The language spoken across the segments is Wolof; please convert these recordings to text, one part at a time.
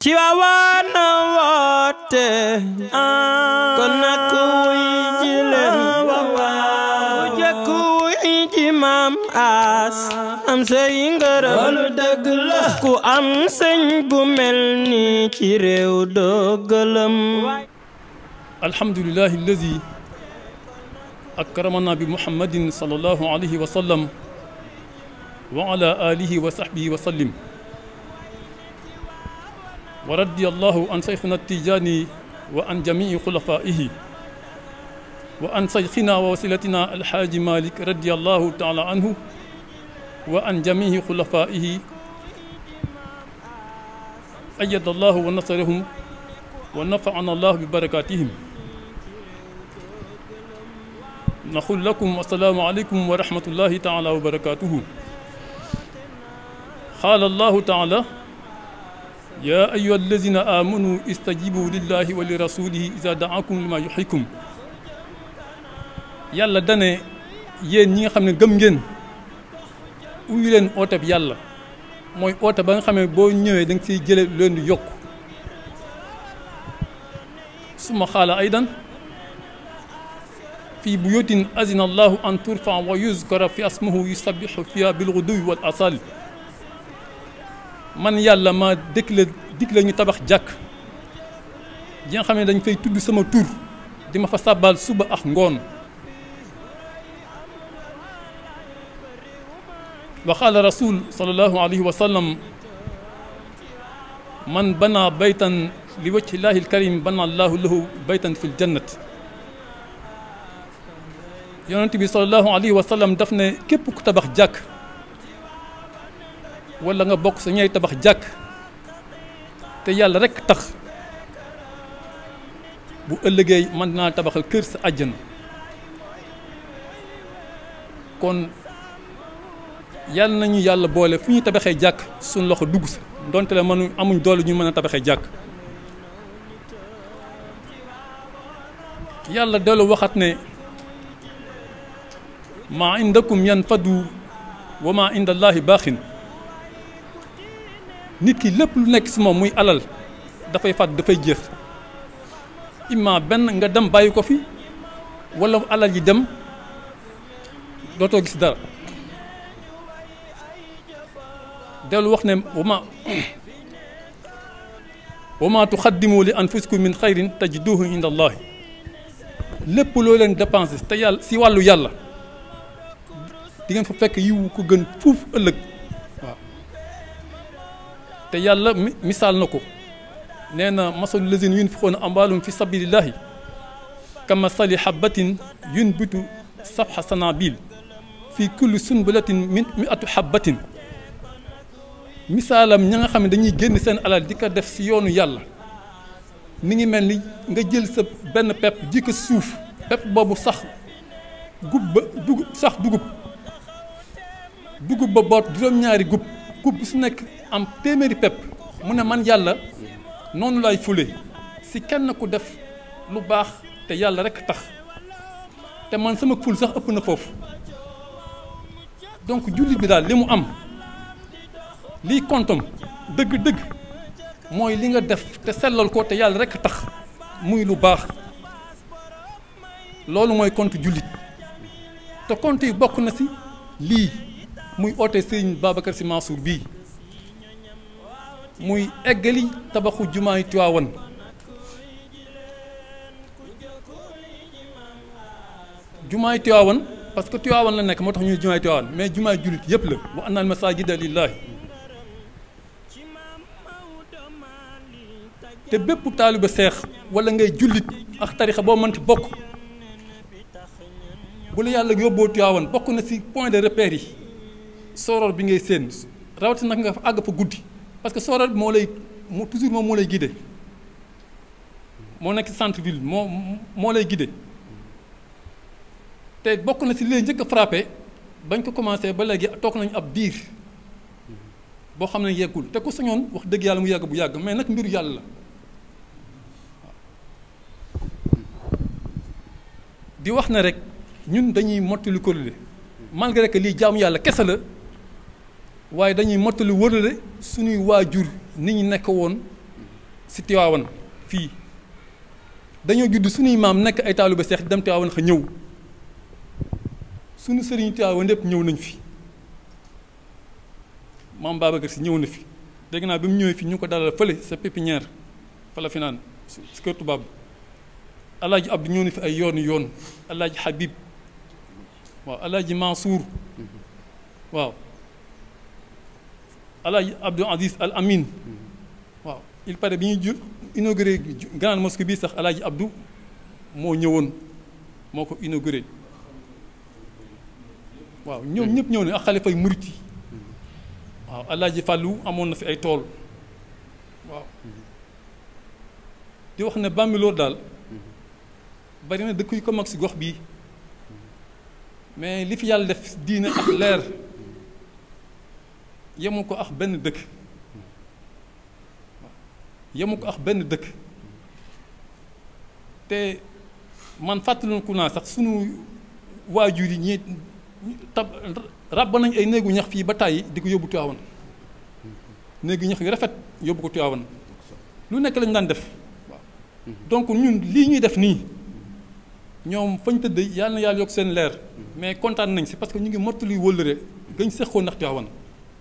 ci waawan a woote kon nak wuy ji leen ku jëkk wuy ji maam aas am sey ngërëm loolu ku am sëñ bu mel ni ci réew doo gëlëm alhamdulillahi alladi akramana bi muhammadin sallallahu alayhi wa sallam wa ala alihi وردي الله عن شيخنا التيجاني وعن جميع خلفائه وعن شيخنا ووسيلتنا الحاج مالك رضي الله تعالى عنه وعن جميع خلفائه أيد الله ونصرهم ونفعنا الله ببركاتهم نقول لكم السلام عليكم ورحمة الله تعالى وبركاته قال الله تعالى يا أيها الذين آمنوا استجيبوا لله ولرسوله إذا دعاكم لما يحييكم يلا دنا يني خم نجمعين ويلن أوتب يلا ماي أوتب أن خم بونيو دنتي جل لين يوك ثم قال أيضا في بيوت أذن الله أن ترفع ويذكر في اسمه يسبح فيها بالغدو والأصال man yàlla ma déclare déclare ñu tabax jàkk ji nga xam ne dañ fay tudd sama tur di ma fa sàbbaal suba ak ngoon wa qaala rasul sallallahu alayhi wa sallam man bana baytan li wajhi llahi alkarim bana allahu lahu baytan fi ljannat yonent bi sallallahu alayhi wa sallam daf ne képp ku tabax jàkk wala nga bok sa ñay tabax jak te yàlla rek tax bu ëllëgé man na tabaxal kër sa aljana kon yàlla nañu yàlla boole fu ñu tabaxé jak suñ loxo dugg sa donte la mënu amuñ doolu ñu mëna tabaxé jak yàlla dellu waxat ne maa indakum yanfadu wa maa inda allaahi baaxin nit ki lépp lu nek si moom muy alal da fay fat da fay jeex imma ben nga dem bayiko fi wala alal yi dem doto gis dara dellu wax ne wama wama tuqaddimu li anfusikum min khairin tajiduhu inda allah lépp lo len dépenser te yàlla si walu yàlla di ngeen fa fekk yiwu ko gën fuuf ëllëg te yàlla misal nako neena masul lazin masalu lazine yunfiquuna amwaalahum fi sabilillahi sali habatin yunbitu safha sanabil fi kulli sunbulatin min miatu habatin misalam ñinga xamni dañuy génn sen alal dika def ci yoonu yàlla ni ngi melni nga jël sa ben pep ji suuf pep bobu sax gub ba dugub sax dugub dugub ba bot juróom-ñaari gub coupe bu su nekk am téeméeri pepp mu ne man yàlla noonu laay fule si kenn ku def lu baax te yàlla rekk tax te man sama ful sax ëpp na foofu donc jullit bi daal li mu am lii kontom dëgg-dëgg mooy li nga def te sellal ko te yàlla rekk tax muy lu baax loolu mooy compte jullit te compte yi bokk na si lii muy oote sëriñ Babacar Sy Mansour bii muy eggali tabaxu jumaa yi Tiwaawan jumaa yi Tiwaawan que Tiwaawan la nekk moo tax ñuy jumaa yi mais jumaa yi jullit yépp la wa anna al masaajida lillaahi te bépp taaliba seex wala ngay jullit ak tarixa boo manti bokk bu la yàlla yóbboo Tiwaawan bokk na si point de repère yi soror bi ngay séen rawatina nag nga fa àgg fa guddi parce que soror bi moo lay moo toujours moo lay guidé moo nekk centre ville moo moo lay guidé te bokk na si li njëkk a frappé bañ ko commencé ba léegi toog nañu ab biir boo xam ne yeggul te ku sañoon wax dëgg yàlla mu yàgg bu yàgg mais nag mbiru yàlla la di wax na rek ñun dañuy mottali ko malgré que lii jaamu yàlla kese la. waye dañuy mottali wërale suñuy wajur nit ñi nek woon ci Tiwaawan fi dañu judd suñuy maam nek ay talibé cheikh dem Tiwaawan xa ñëw suñu sëriñ Tiwaawan yëpp ñëw nañ fi maam Babacar ci ñëw na fi dégg na bimu ñew fi ñu ko dalal fële sa pépinière fa la fi naan si kër tubab alaaji Abdou ñëw na fi ay yoon yoon alaaji Habib waaw alaaji Mansour waaw Alaaji Abdou Aziz Al Amin mm-hmm. waaw il paraît bi ñuy inauguré grande mosquée bii sax Alaaji Abdou moo ñëwoon moo ko inauguré waaw ñoom mm-hmm. ñëpp ñëw ne ak xalifay murit yi mm-hmm. waaw Alaaji Fàllu amoon na fi ay tool waaw di wax ne Bambilor daal bari na dëkk yu ko mag si gox bii mais li fi yàlla def diina ak leer yemu ko ax benn dëkk yemu ko ax benn dëkk te man fàttaliku naa sax sunu waajur yi ñii tab ràbb nañ ay néegu ñax fii ba tàyyi di ko yóbbu Tiwaawan néegu ñax yu rafet yóbbu ko Tiwaawan lu nekk lañ daan def donc ñun lii ñuy def nii ñoom fañ tëdd yàlla na yàlla yokk seen leer mais kontaan nañ si parce que ñu ngi mottali wëllëre gañ seqoo ndax Tiwaawan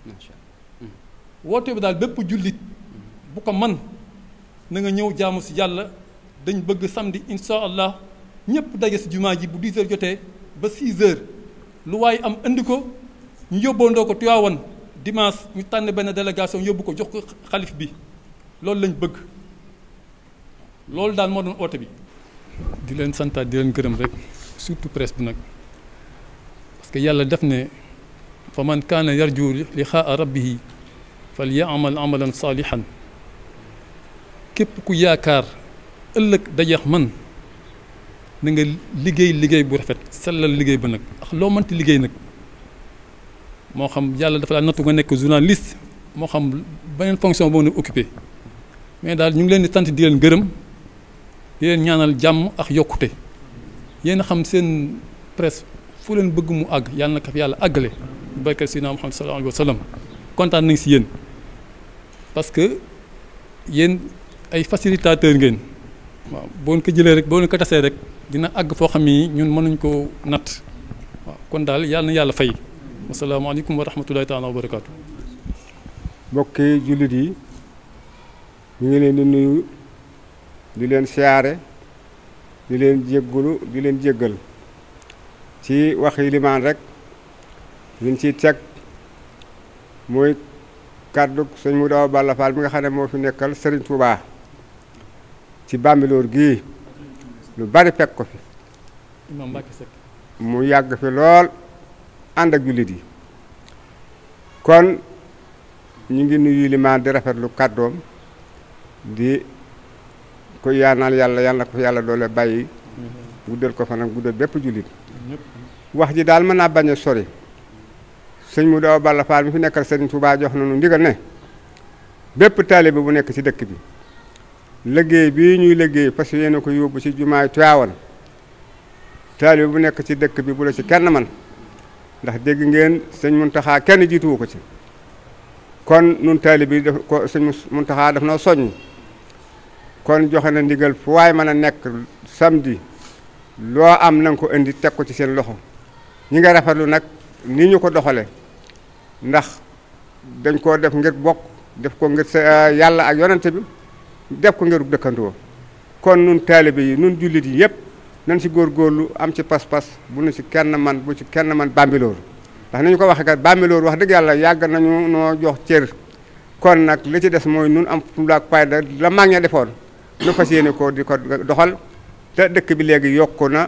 Mm-hmm. woote bi daal bépp jullit mm-hmm. bu ko man na nga ñëw jaamu si yàlla dañ bëgg samedi insha allah ñëpp daje si jumaa ji bu 10 jotee ba 6 lu waaye am indi ko ñu yóbboondoo ko Tiwaawan dimanche ñu tànn benn délégation yóbbu ko jox ko xalif bi loolu lañ bëgg loolu daal moo doon oote bi. di leen santaat di leen gërëm rek surtout presse bi nag parce que yàlla def ne. فمن كان يرجو لقاء ربه فليعمل عملا صالحا كيب كويا كار الك دايخ من نغا ليغي ليغي بو رافيت سال ليغي بنك اخ لو مانتي ليغي نك مو خم يالا دا فلا نوتو غا نيك جورناليست مو خم بنين فونكسيون بو نو اوكيبي مي دال نيغ لين دي سانتي ديال غيرم دي نيانال جام اخ يوكوتي يين خم سين بريس fu leen bëgg mu àgg yàlla na ko fi yàlla àggale barke Seydina Muhammad sallallahu alayhi wa sallam kontaan nañ si yéen parce que yéen ay facilitateur ngeen waaw boo ko jëlee rek boo ko tasee rek dina àgg foo xam ni ñun mënuñ koo natt waaw kon daal yàlla na yàlla fay asalaamaaleykum wa rahmatulahi taala wa barakaatu. mbokki jullit yi ñu ngi leen di nuyu di leen siyaare di leen jéggulu di leen jéggal. ci waxi limaan rek liñ ci teg muy kàddu sëñ mu daaw Balla Fall mi nga xam ne moo fi nekkal Serigne Touba ci Bambilor gii lu bari fekk ko fi mu yàgg fi lool ànd ak jullit yi kon ñu ngi nuyu limaan di rafetlu kàddoom di ko yaanaal yàlla yàlla ko fi yàlla doole bàyyi guddal ko fanam guddal bépp jullit wax ji daal mën naa bañ a sori sëñ mu doo Balla Fall mi fi nekkal sëriñ Touba jox nañu ndigal ne bépp taalibe bu nekk ci dëkk bi léggéey bi ñuy liggéey parce que yéen ko yóbbu ci jumaay Tiwaawan taalibe bu nekk ci dëkk bi bu la ci kenn man ndax dégg ngeen sëñ Muntaxa kenn jiituwu ko ci kon nun taalibe yi daf ko sëñ Muntaxa noo soññ kon joxe na ndigal fu waay mën a nekk samedi loo am na ko indi teg ko ci seen loxo ñi nga rafetlu nag ni ñu ko doxale ndax dañ koo def ngir bokk def ko ngir sa euh, yàlla ak yonante bi def ko ngir dëkkandoo kon nun taalibe yi nun jullit yi yëpp nañ ci góorgóorlu am ci pas-pas bu nu ci kenn man bu ci kenn man bambilóor ndax ni ñu ko waxee kat bambilóor wax dëgg yàlla yàgg nañu noo jox cër kon nag li ci des mooy nun am fulaak fayda la mag ña defoon nu fas yéene ko di ko doxal dëkk bi léegi yokku na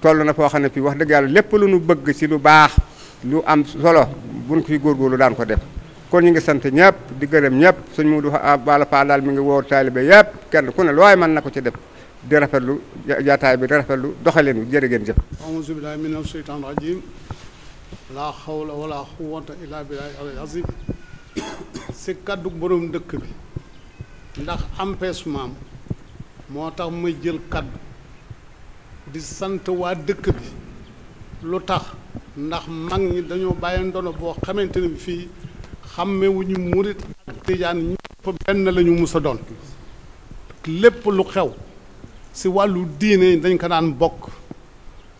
toll na foo xam ne fii wax dëgg yàlla lépp lu nu bëgg ci lu baax lu am solo buñ ko góor góorgóorlu daan ko def kon ñu ngi sant ñëpp di gërëm ñëpp suñ mu du ah, bala faa daal mi ngi woo taalibe yëpp kenn ku ne waaye man na ko ci def di rafetlu jaataay bi di rafetlu doxalin bi jërë ngeen jëf aouzu billahi mina sheytaan rajim laa xawla wala kaddu borom dëkk bi ndax empêchement moo tax ma jël kaddu di sant waa dëkk bi lu tax ndax mag ñi dañoo bàyyi ndono boo xamante ne fii xàmmewuñu murit ak tijaan ñëpp benn la ñu doon lépp lu xew si wàllu diine dañ ko daan bokk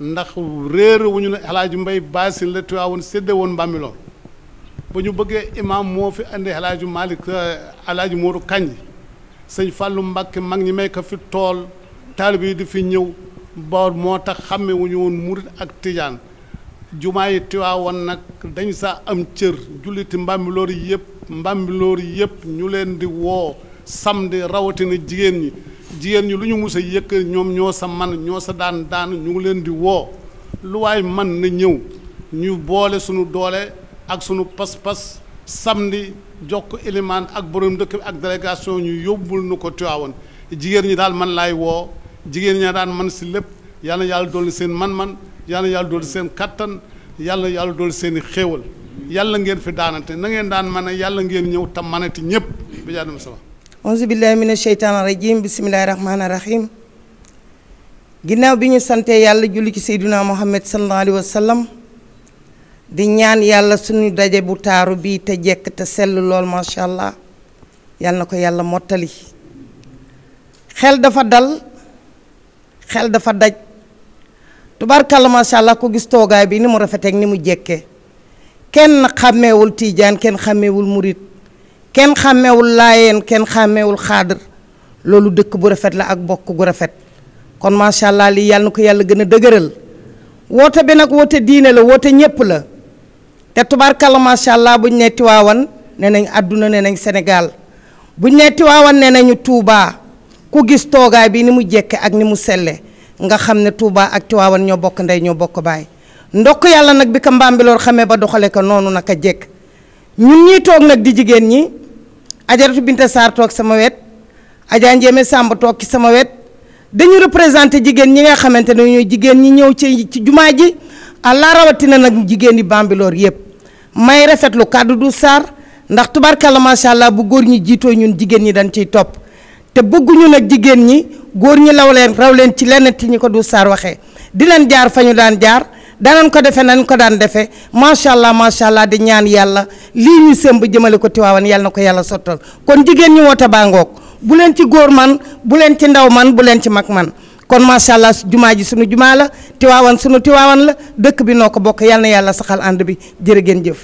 ndax réer wu ñu ne El mbay Mbaye Bassin la Tiwaawoon séddee woon Mbambilor ba ñu bëggee imaam moo fi andi El malik Malick euh, El Hadj Modou Kandji sëñ fàllu Mbacke mag ñi may ko fi tool taalib yi di fi ñëw boor moo tax xàmme wu ñu woon murit ak tijaan jumaa yi Tiwaawan nag dañ sa am cër julliti Mbambilor yëpp Mbambilor yëpp ñu leen di woo samedi rawatina jigéen ñi jigéen ñi lu ñu mus a yëkk ñoom ñoo sa man ñoo sa daan daan ñu ngi leen di woo lu waay man na ñëw ñu boole sunu doole ak suñu pas-pas samdi jox ko élimaan ak borom ndëkk bi ak délégation ñu yóbbul nu ko Tiwaawan jigéen ñi daal man laay woo jigéen ñi daan man si lépp yàlla yàlla dolli seen man-man yàlla na yàlla seen kàttan yàlla na yàlla dolli seen i xéewal yàlla ngeen fi daanante na ngeen daan mën a yàlla ngeen ñëw te manati ñëpp bi jaadam sama auzu billahi mina sheytaani rajim bismillahi rahmaani rahim ginnaaw bi ñu sante yàlla julli ci seyduna muhammad sallallahu alayhi wa sallam di ñaan yàlla suñu daje bu taaru bii te jekk te sell lool macha allah yàlla na ko yàlla mottali xel dafa dal xel dafa daj tubarkalla macha allah ku gis toogaay bi ni mu rafeteeg ni mu jekke kenn xàmmewul tiijaan kenn xàmmeewul murit kenn xàmmeewul laayeen kenn xàmmewul xaadir loolu dëkk bu rafet la ak bokk gu rafet kon macha allah lii yàlla na ko yàlla gën a dëgëral woote bi nag woote diine la woote ñépp la te tubaarkalla macha allah buñ ne neneng nee nañ àdduna nee nañ Sénégal buñ ne Tiwaawan nee nañu Touba ku gis toogaay bi ni mu jekke ak ni mu selle nga Touba ak Tiwaawan ñoo bokk ndey ñoo bokk baay ndokk yàlla nag bi ko Mbambilor xamee ba doxale ko noonu naka jekk ñun ñii toog nag di jigéen ñi ajaratu Binta Sarr toog sama wet Adja Ndiémé Samb toog ci sama wet dañu représenté jigéen ñi nga ñi ci allah rawatina nag jigéen ñi bambilor yëpp may rafetlu kàddu du saar ndax tubarkalla macha allah bu góor ñi jiitoo ñun jigéen ñi dañu ciy topp te bëgguñu nag jigéen ñi góor ñi law leen raw leen ci lenn ti ñu ko du saar waxee di leen jaar fa ñu daan jaar danañ ko defee nañ ko daan defee macha allah macha allah di ñaan yàlla lii ñu sëmb jëmale ko Tiwaawan yàlla na ko yàlla sottal kon jigéen ñi woote baa ngoog bu leen ci góor man bu leen ci ndaw man bu leen ci mag man. kon macha allah jumaa ji sunu juma la tiwaawan sunu tiwaawan la dekk bi noko bok bokk yalla saxal and bi jërë ngeen jëf.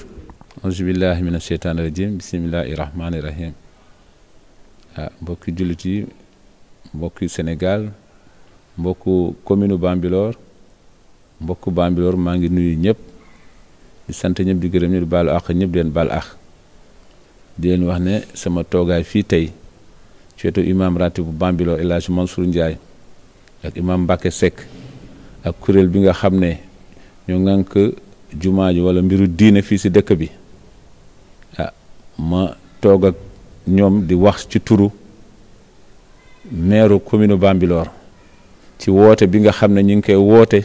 auzu billahi minash shaitanir rajim bismillahir rahmanir rahim ah mbok jullit mbok senegal mbok commune Bambilor mbok Bambilor maa ngi nuyu ñep di sante ñep di gërem ñu di balu ak ñep di leen baal di len wax ne sama toogaay fi tey ci wetu imam ratibu Bambilor El Mansour Ndiaye. ak imam Mbacke Seck ak kuréel bi nga xam ne ñu ngànk jumaa ji wala mbiru diine fii si dëkk bi ah ma toog ak ñoom di wax ci turu meeru commune bambiloor ci woote bi nga xam ne ñu ngi koy woote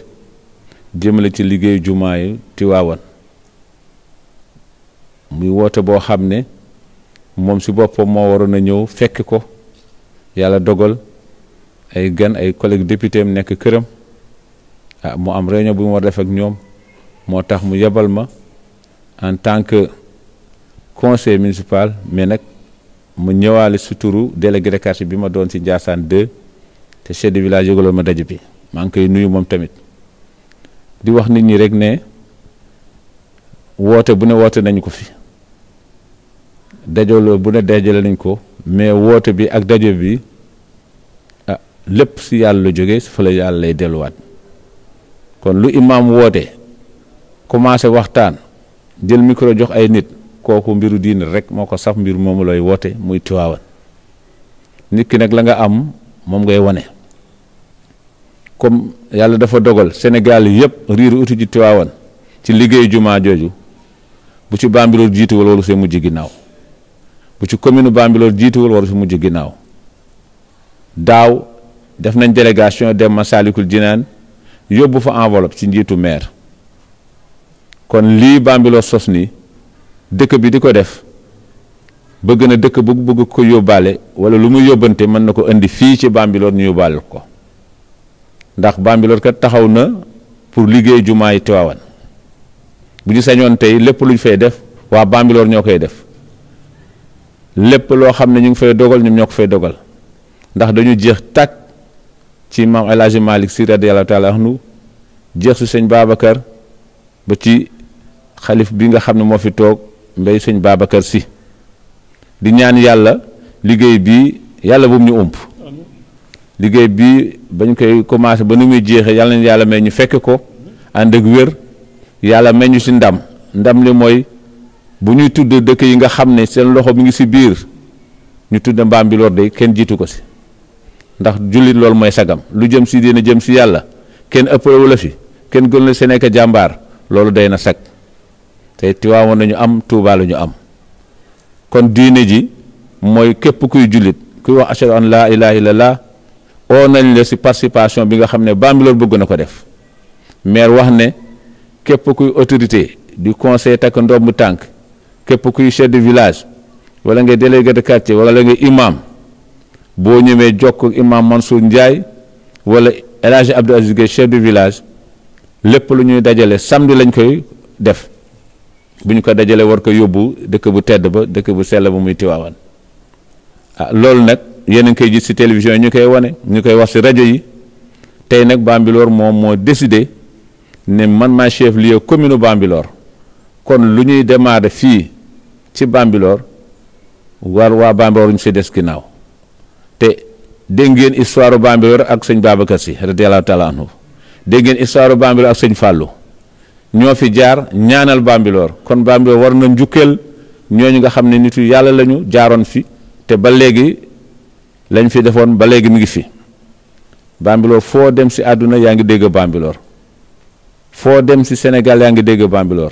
jëmale ci liggéeyu jumaa yi Tiwaawan muy woote boo xam ne moom si boppam moo waroon a ñëw fekk ko yàlla dogal ay gan ay collègue député am nekk këram ah mu am réunion bu mu war def ak ñoom moo tax mu yebal ma en tant que conseil municipal mais nag mu ñëwaale suturu délégué de quartier bi ma doon si Ndiassane 2 te chef de village yëgaloon ma daje bi maa ngi koy nuyu moom tamit di wax nit ñi rek ne woote bu ne woote nañu ko fi dajaloo bu ne dajale nañ ko mais woote bi ak dajo bi lépp si yàlla la jógee su fa la yàlla lay delluwaat kon lu imaam woote commencé waxtaan jël micro jox ay nit kooku mbiru diine rek moo ko saf mbir moomu lay woote muy tiwaawan nit ki nag la nga am moom ngay wane comme yàlla dafa dogal Sénégal yëpp riiru uti tiwaawan ci liggéey jumaa jooju bu ci Bambilor jiituwul waru see mujj ginnaaw ci commune Bambilor jiituwul mujj ginnaaw daaw def nañ délégation dem Massalikul Jinaan yóbbu fa enveloppe ci njiitu maire kon lii Bambilor sos nii dëkk bi di ko def bëgg na dëkk bu bëgg ko yóbbaale wala lu mu yóbbante mën na ko indi fii ci Bambilor nu yóbbaale ko ndax Bambilor kat taxaw na pour liggéey jumaa yi Tiwaawan bu ñu sañoon tey lépp lu ñu fay def waa bambiloor ñoo koy def lépp loo xam ne ñu ngi fay dogal ñoom ñoo ko fay dogal ndax dañu jeex tàkk ci maam El Hadj Malick si radiyallahu taala anhu jeex si sëñ Babacar ba ci xalif bi nga xam ne moo fi toog mbéy sëñ Babacar si di ñaan yàlla liggéey bi yàlla bu mu ump liggéey bi bañ koy commencé ba nu muy jeexee yàlla nañu yàlla may ñu fekk ko ànd ak wér yàlla may ñu si ndam ndam li mooy bu ñuy tudd dëkk yi nga xam ne seen loxo mi ngi si biir ñu tudd Mbambilor de kenn jiitu ko si. ndax jullit loolu mooy sagam lu jëm si diina jëm si yàlla kenn ëppalewu la fi kenn gën la si jàmbaar loolu day na sag te tiwaawoon nañu am tuubaa la ñu am kon diine ji mooy képp kuy jullit kuy wax ashhadu an laa ilaaha illallah oo nañ la si participation bi nga xam ne Bambilor bëgg na ko def maire wax ne képp kuy autorité di conseil takk ndomb tànk képp kuy chef de village wala nga délégué de quartier wala nga imam boo ñëwee jokk ak imam Mansour Ndiaye wala El Hadj Abdou Aziz Gueye chef du village lépp lu ñuy dajale samedi lañ koy def bu ñu ko dajale war ko yóbbu dëkk bu tedd ba dëkk bu sell ba muy Tiwaawan a ah, loolu nag yéen a ngi koy gis ci télévision yi ñu koy wane ñu koy wax ci rajo yi tey nag Bambilor moom moo décidé ne man maa chef lieu commune Bambilor kon lu ñuy démarrer fii ci Bambilor war waa Bambilor ñu si des ginnaaw te dégg ngeen histoire Bambilor ak sëñ Babacar si radiyallaahu taala anhu dégg ngeen histoire Bambilor ak sëñ Fàllu ñoo fi jaar ñaanal Bambilor kon Bambilor war na njukkeel ñooñu nga xam ne nit yu yàlla lañu jaaroon fi te ba léegi lañ fi defoon ba léegi mi ngi fi Bambilor foo dem si àdduna yaa ngi dégg Bambilor foo dem si senegal yaa ngi dégg Bambilor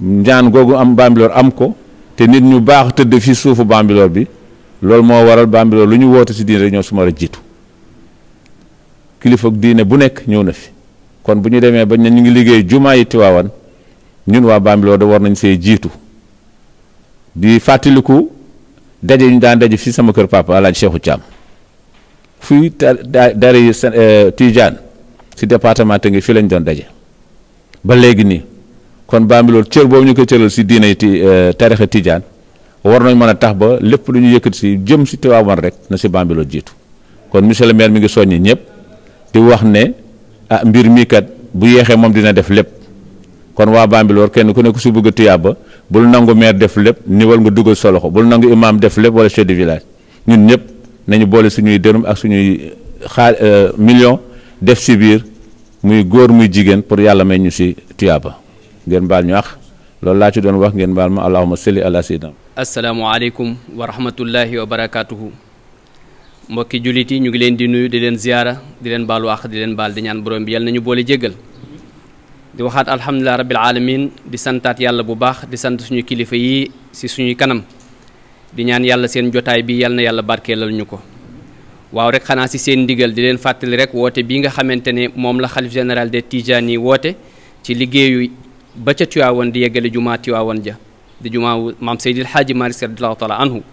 ñaan googu am Bambilor am ko te nit ñu baax tëdd fi suufu Bambilor bi loolu moo waral Bambilor lu ñu woote si diine rek ñoo su ma jiitu kilifa diine bu nekk ñëw na fi kon bu ñu demee ba ñu ngi liggéey jumaa yi Tiwaawan ñun waa Bambilor da war nañ see jiitu di fàttaliku daje ñu daan daje fi sama kër papa El Hadj Cheikhou Thiam fii dara yi Tijaan si département te ngi fii lañ doon daje ba léegi nii kon Bambilor cër boobu ñu ko cëral si diine yi ti euh, tarixa Tijaan war nañ mën a tax ba lépp lu ñu yëkkati si jëm si Tiwaawan rek na si Bambilor jiitu kon monsieur le maire mi ngi soññi ñëpp di wax ne ah mbir mii kat bu yeexee moom dina def lépp kon waa Bambilor kenn ku nekk si bugg a ba bul nangu maire def lépp niwal nga dugal sa loxo bul nangu imam def lépp wala chef de village ñun ñëpp nañu boole suñuy dërëm ak suñuy xaal euh, million def si biir muy góor muy jigéen pour yàlla may ñu si ba ngeen baal ñu wax loolu laa ci doon wax ngeen baal ma allahumma salli ala sayyidina asalaamualeykum wa rahmatullahi wa barakaatuhu mbokki jullit yi ñu ngi leen di nuyu di leen ziyaara di leen baalu àq di leen baal di ñaan borom bi yàlla nañu boole jéggal di waxaat alhamdulilah rabbil alamin di santaat yàlla bu baax di sant suñu kilifa yi ci suñuy kanam di ñaan yàlla seen jotaay bi yàlla na yàlla barkeelal ñu ko waaw rek xanaa ci seen ndigal di leen fàttali rek woote bi nga xamante ne moom la xalif général des Tidianes yi woote ci liggéeyu ba di yeggale jumaa Tiwaawan ja di jumaa maam Seydi El Hadji Malick Sy radiyallahu taala anhu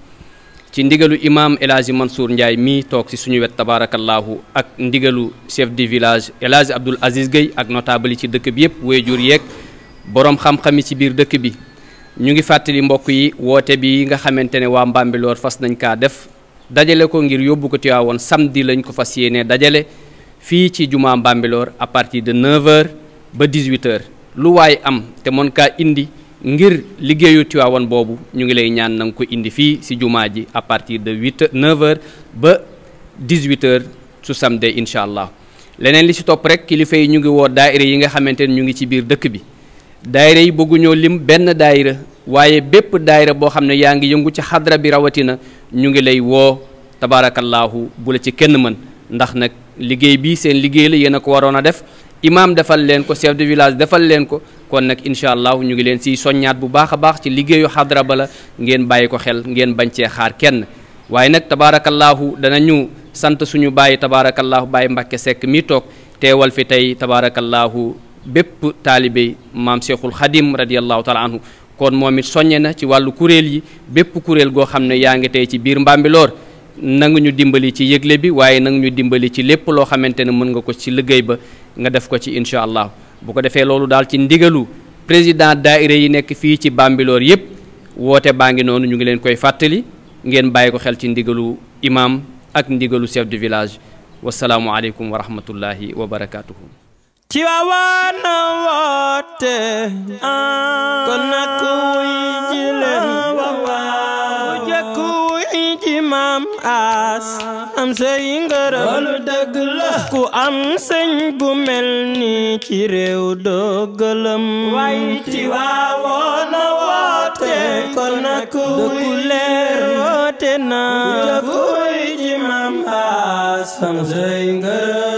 ci ndigalu imam El Hadji Mansour Ndiaye mii toog si suñu wet tabarakallahu ak ndigalu chef du village El Hadji Abdoul Aziz Gueye ak notable yi ci dëkk bi yëpp waajur yeeg boroom xam-xam yi ci biir dëkk bi ñu ngi fàttali mbokk yi woote bi nga xamante ne waa Mbambilor fas nañ kaa def dajale ko ngir yóbbu ko Tiwaawoon samedi lañ ko fas yéene dajale fii ci jumaa Mbambilor à partir de 9h ba 18h lu waay am te mën kaa indi ngir liggéeyu Tiwaawan boobu ñu ngi lay ñaan na ko indi fii ci jumaa ji à partir de huit heures neuf ba dix-huit heures su samedi incha allah leneen li ci topp rek kilifa yi ñu ngi woo daayira yi nga xamante ne ñu ngi ci biir dëkk bi daayira yi bëgguñoo lim benn daayira waaye bépp daayira boo xam ne yaa ngi yëngu ci xadra bi rawatina ñu ngi lay woo tabaarakallaahu bu la ci kenn mën ndax nag liggéey bi seen liggéey la yéen a ko waroon a def imaam defal leen ko chef de village defal leen ko kon nag incha allah ñu ngi leen siy soññaat bu baax a baax ci liggéeyu xadra ba la ngeen bàyyi ko xel ngeen bañ cee xaar kenn waaye nag tabaarakallaahu danañu sant suñu bàyyi tabaarakallaahu bàyyi Mbàkke Sekk mi toog teewal fi tey tabaarakallaahu bépp taalibe maam Cheikhul Xadim radiallahu taala anhu kon moom it soññe na ci wàllu kuréel yi bépp kuréel goo xam ne yaa ngi tey ci biir Mbambilor nangu ñu dimbali ci yëgle bi waaye nangu ñu dimbali ci lépp loo xamante ne mën nga ko ci liggéey ba nga def ko ci incha allah bu ko defee loolu daal ci ndigalu président daaira yi nekk fii ci Bambilor yépp woote baa ngi noonu ñu ngi leen koy fàttali ngeen bàyyi ko xel ci ndigalu imam ak ndigalu chef de village wasalaamu aleykum wa rahmatullahi wa barakaatuhu ci waawaana woote kon nag wuy jile ci maam aas am say ngërëm loolu dëgg la ku am sëñ bu mel ni ci réew doggalam way ci waawoona woote kon nak ku leer woote na kuy ci maam aas am say ngërëm